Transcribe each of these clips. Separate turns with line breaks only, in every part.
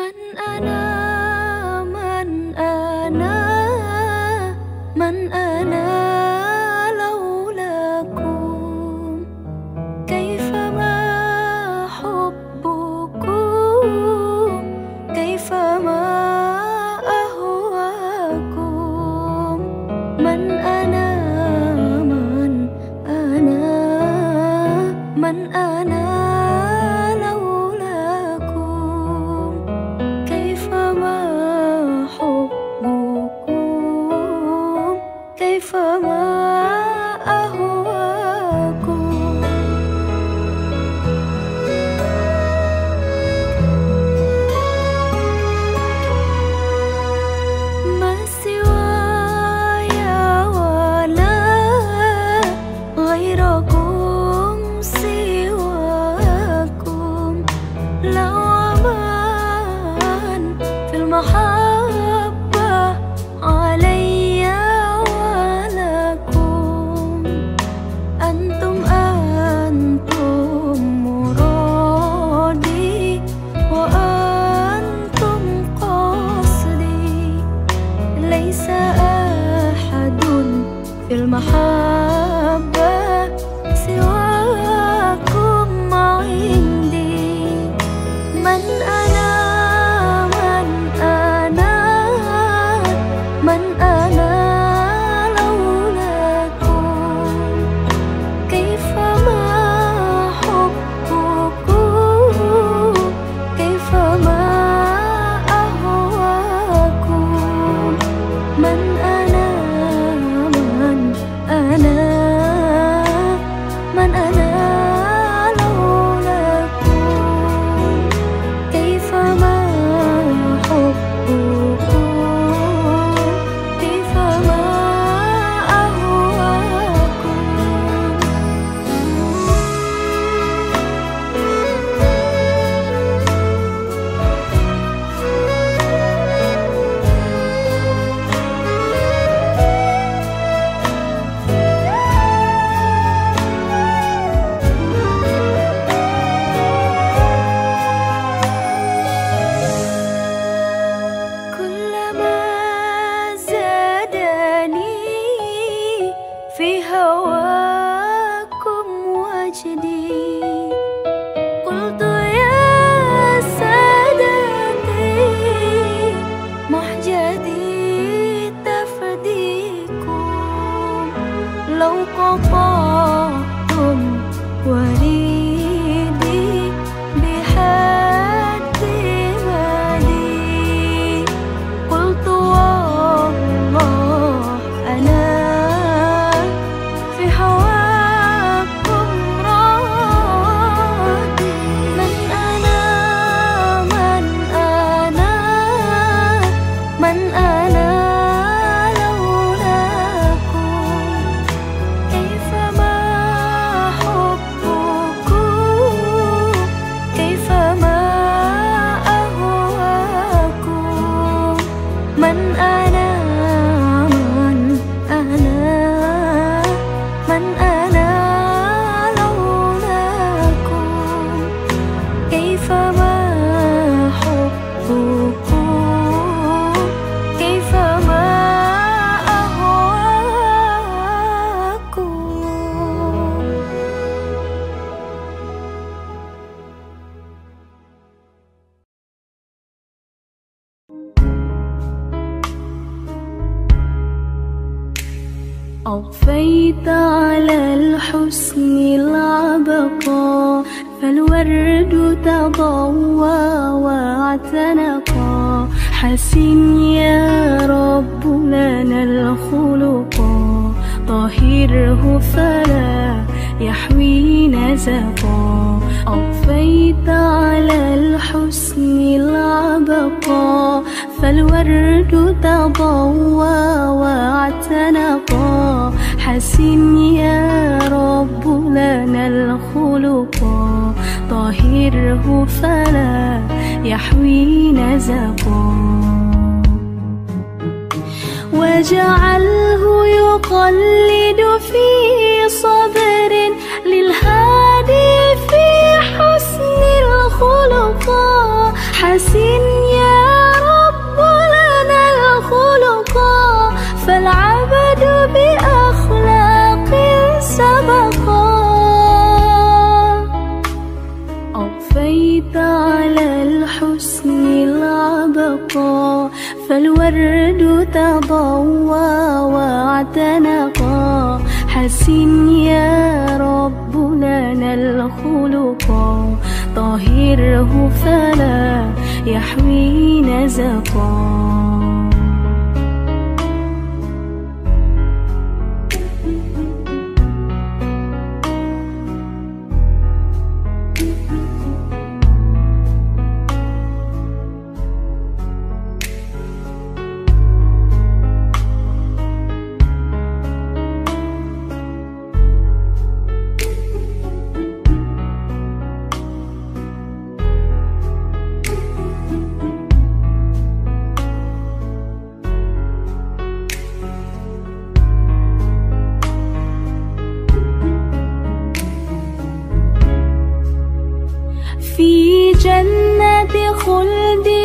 mất anh ơi أغفيت على الحسن العبقى فالورد تضوى
واعتنقا حسن يا رب لنا الخلقا طهره فلا يحوي نزقا أغفيت على الحسن
العبقى فالورد تضوى واعتنقا حسن يا رب لنا
الخلق طهره فلا يحوي نزقا
واجعله يقلد في صبر للهادي في حسن الخلق حسن يا رب لنا الخلق فالعبد بأ فالورد تضوى
واعتنقا حسن يا رب لنا الخلقا طهره فلا يحوي نزقا
我的。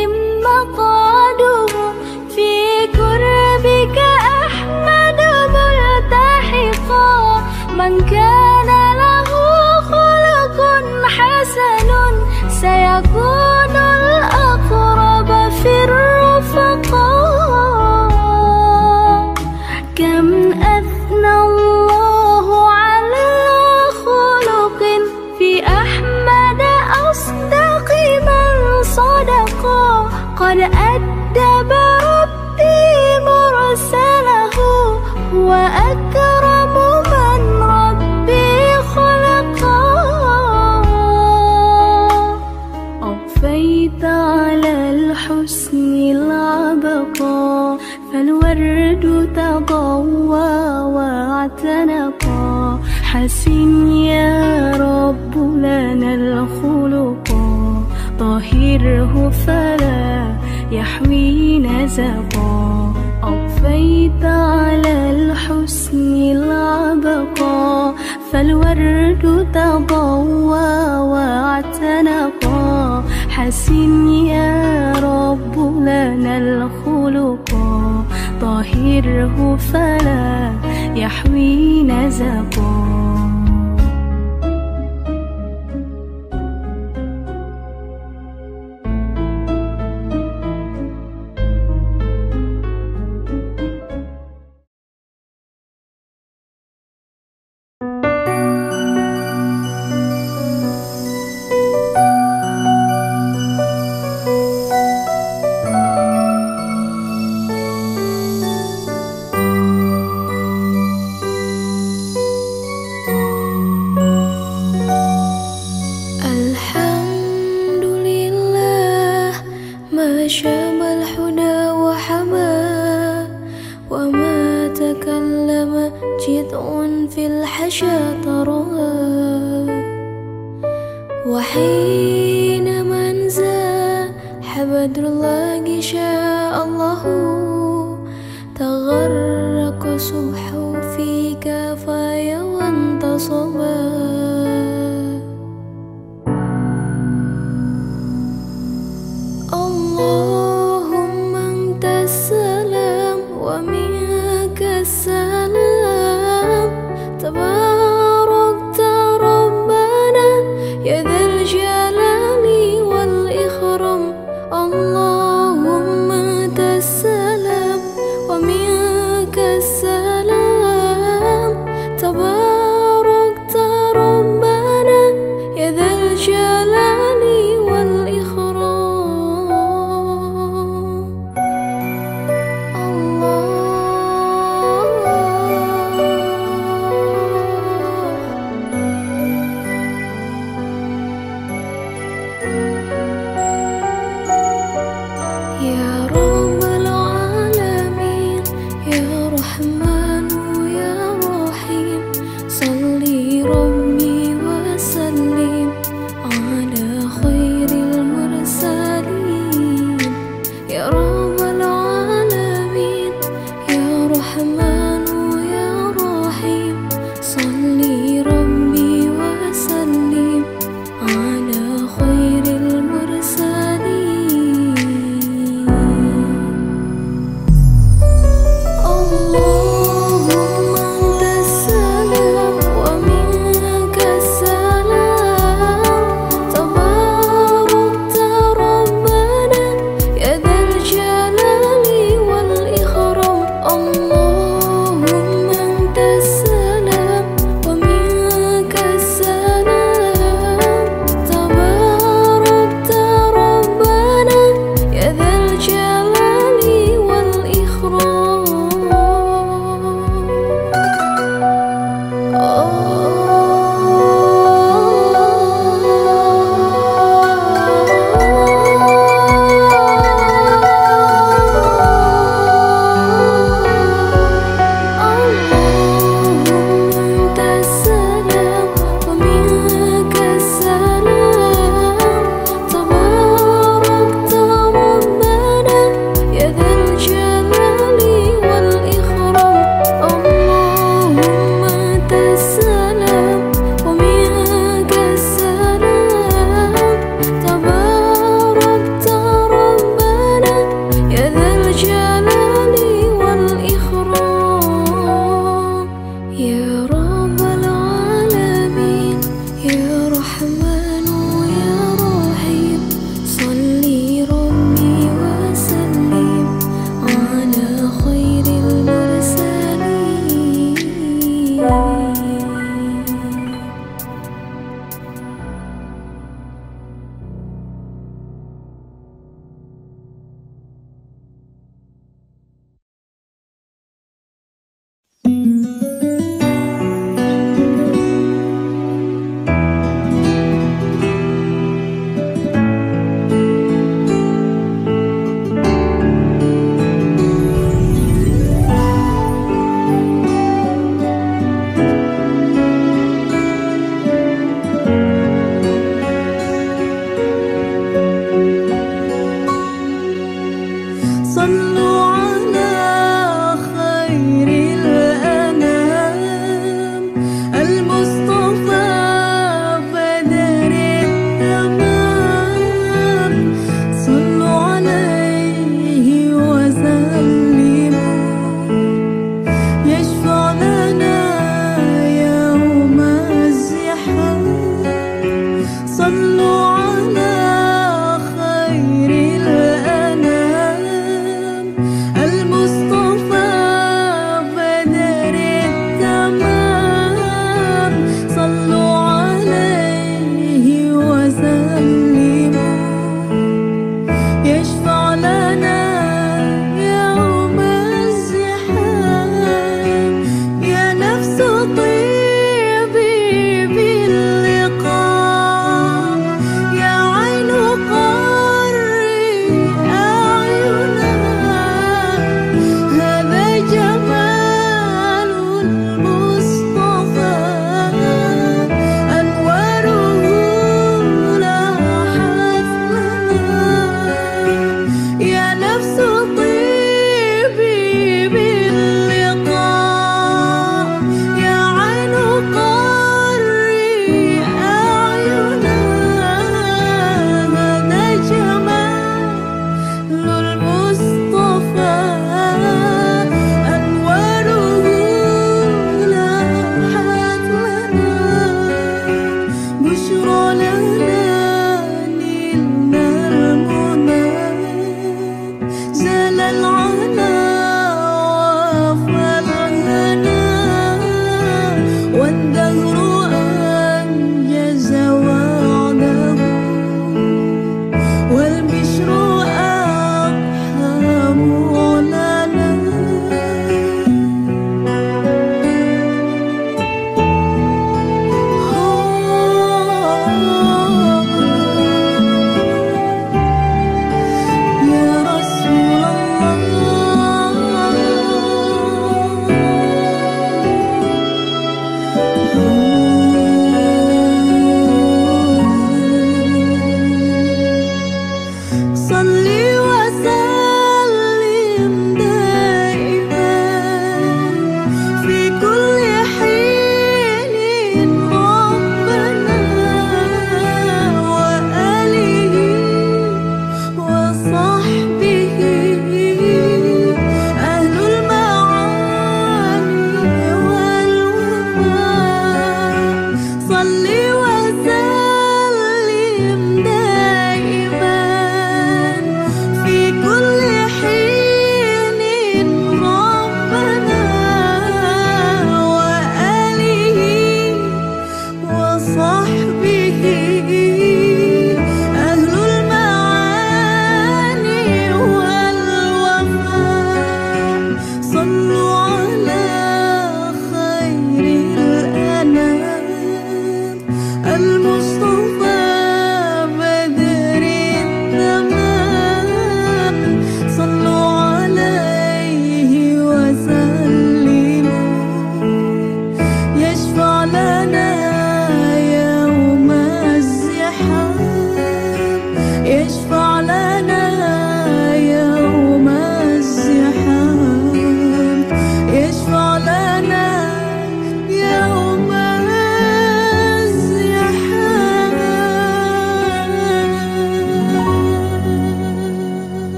تضوى واعتنقا حسن يا رب لنا الخلق طهره
فلا يحوي نزقا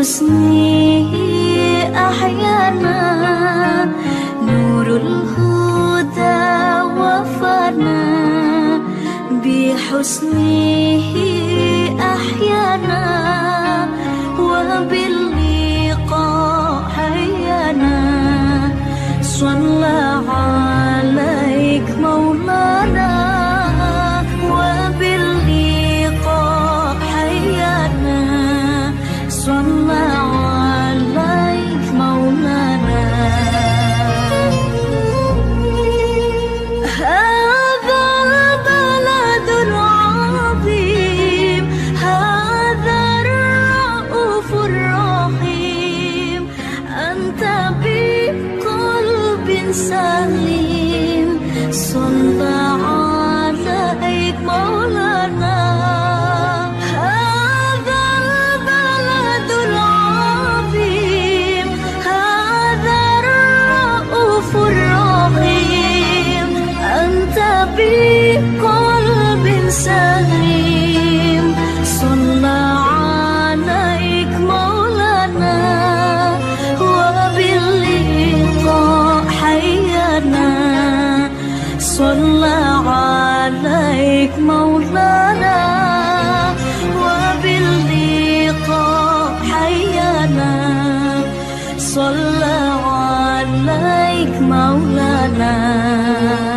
حسنه أحيانا نور الهدى وفانا بحسنه أحيانا عليك مولانا وباللقاء حيانا صلى عليك مولانا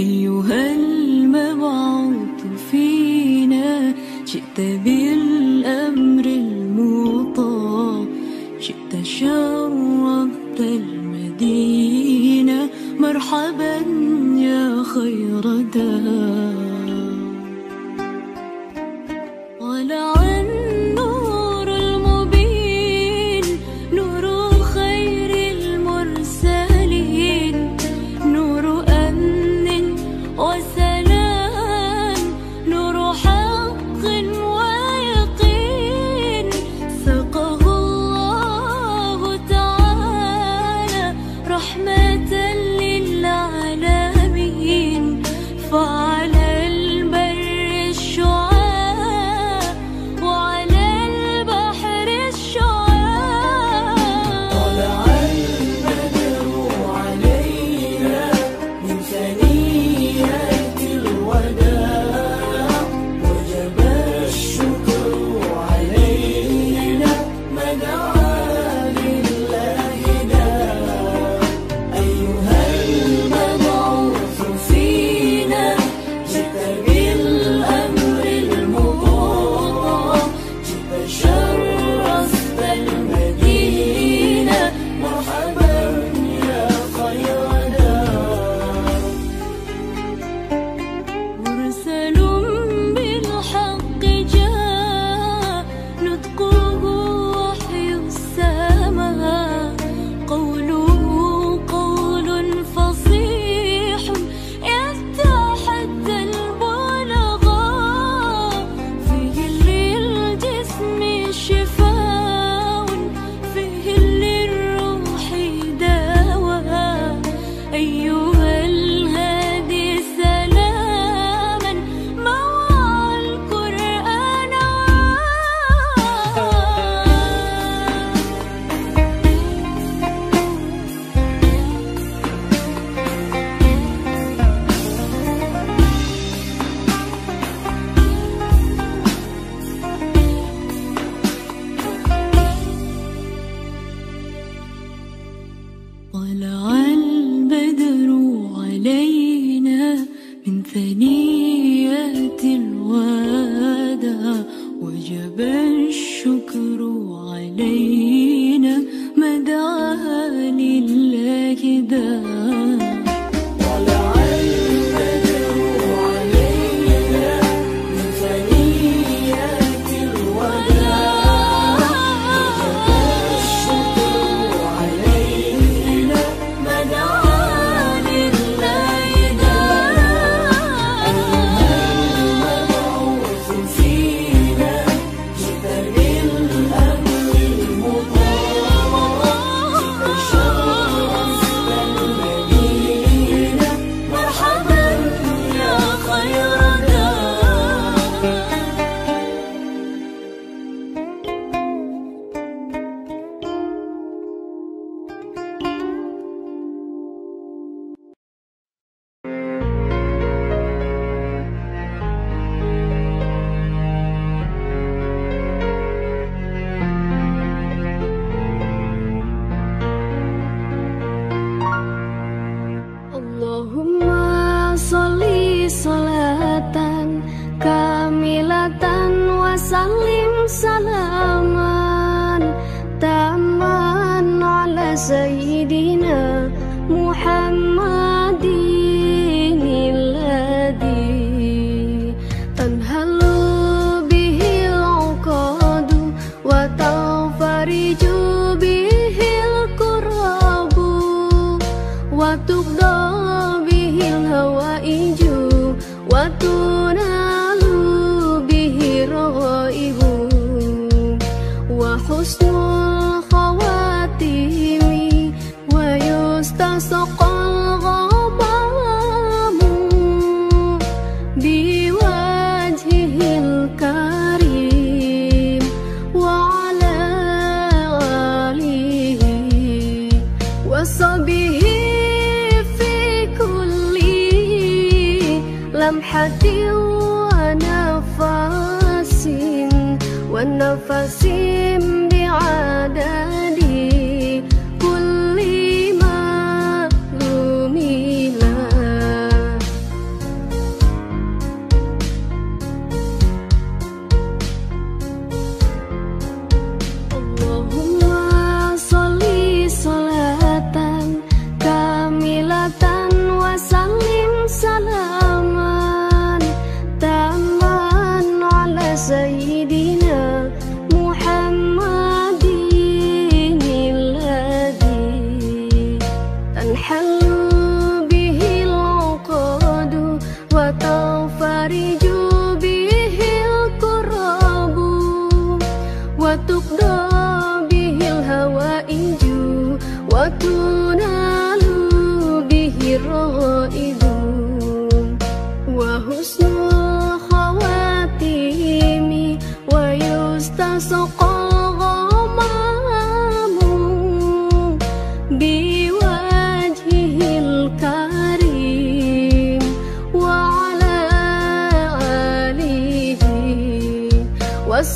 أيها المبعوث فينا جئت بالأمر المطاع جئت شرفت المدينة مرحبا يا خير دار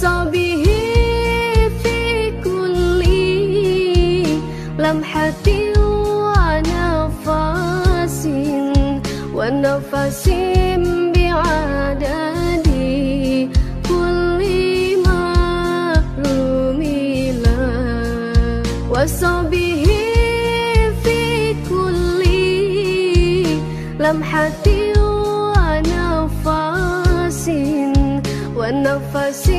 اختص به في كل لمحة ونفس ونفس بعدد كل ما رمل وصبه في كل لمحة ونفس ونفس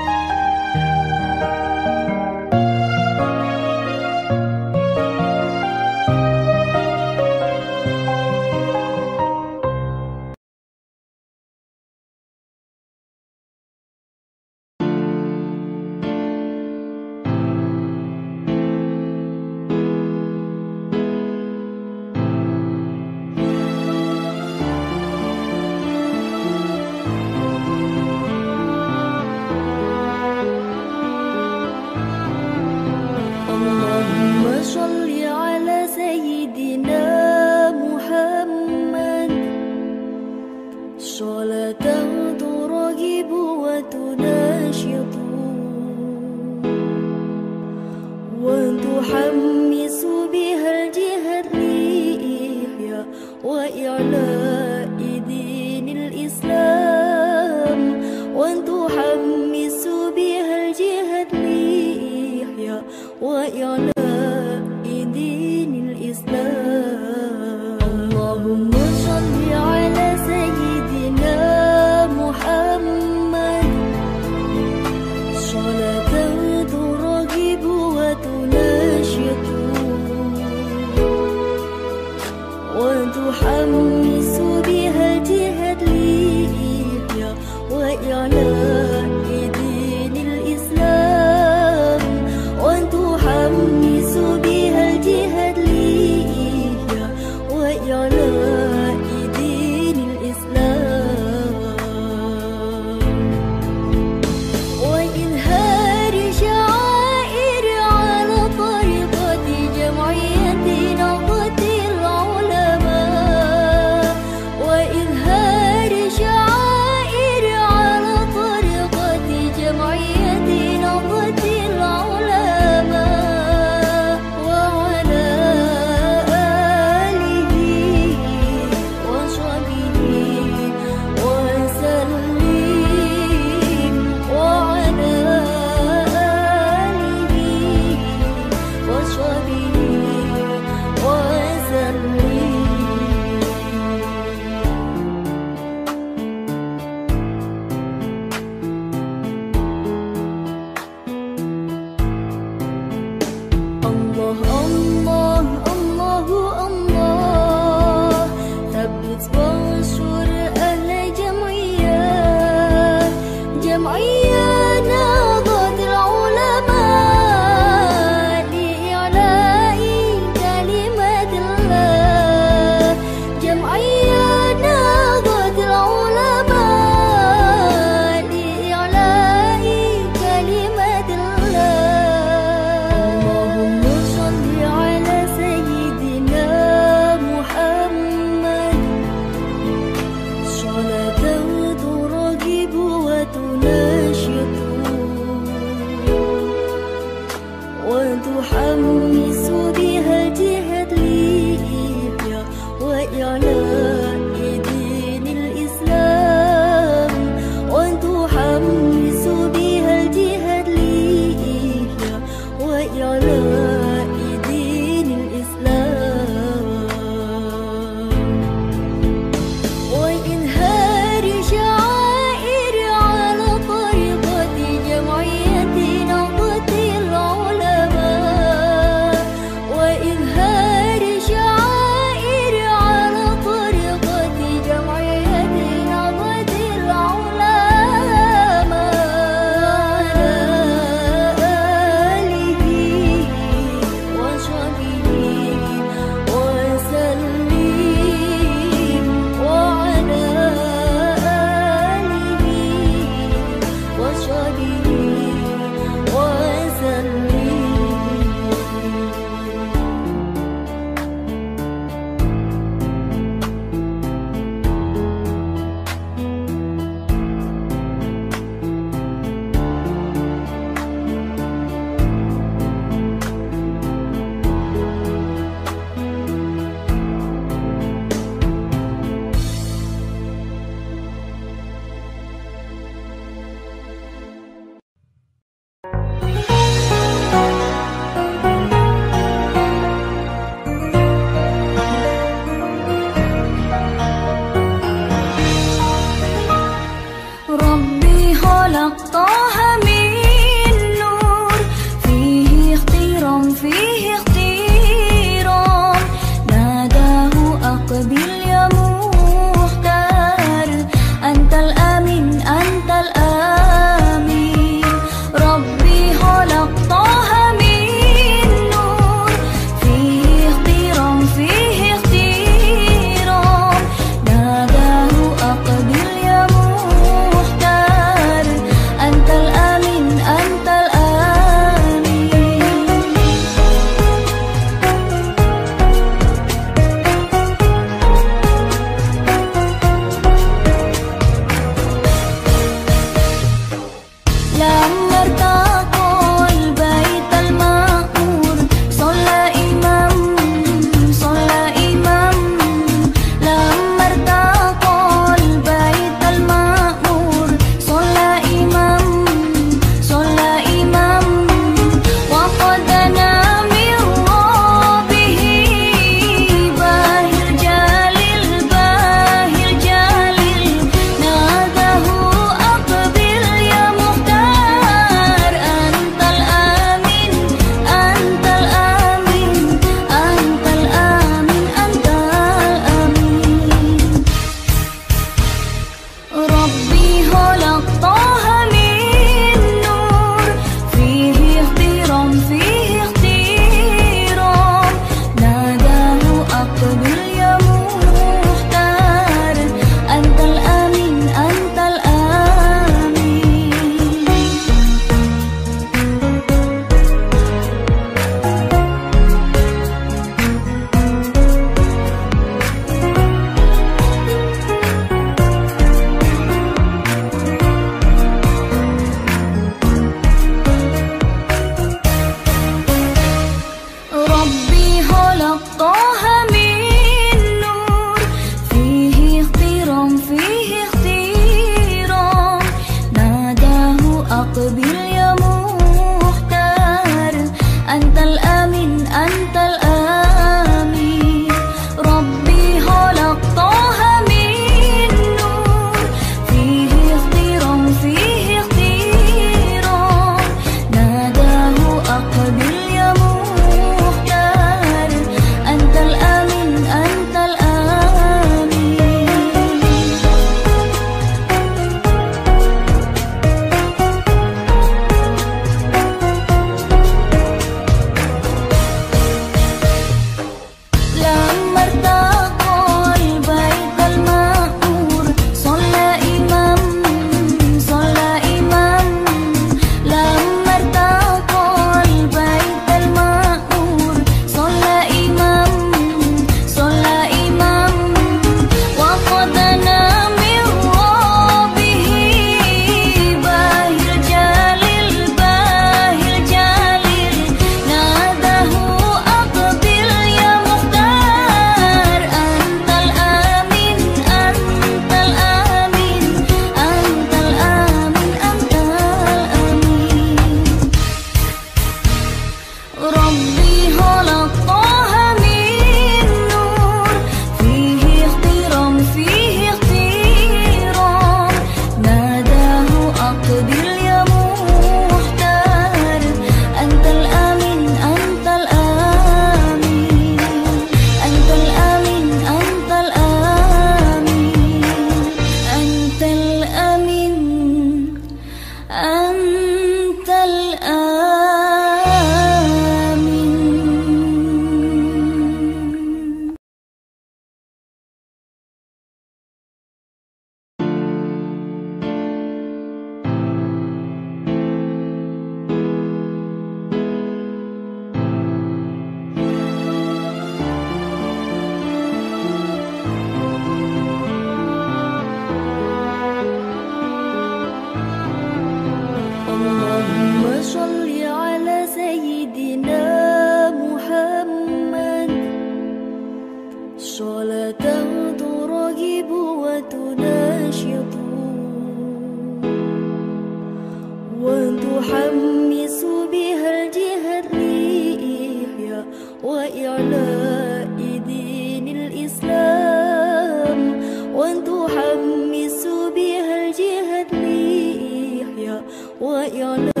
what you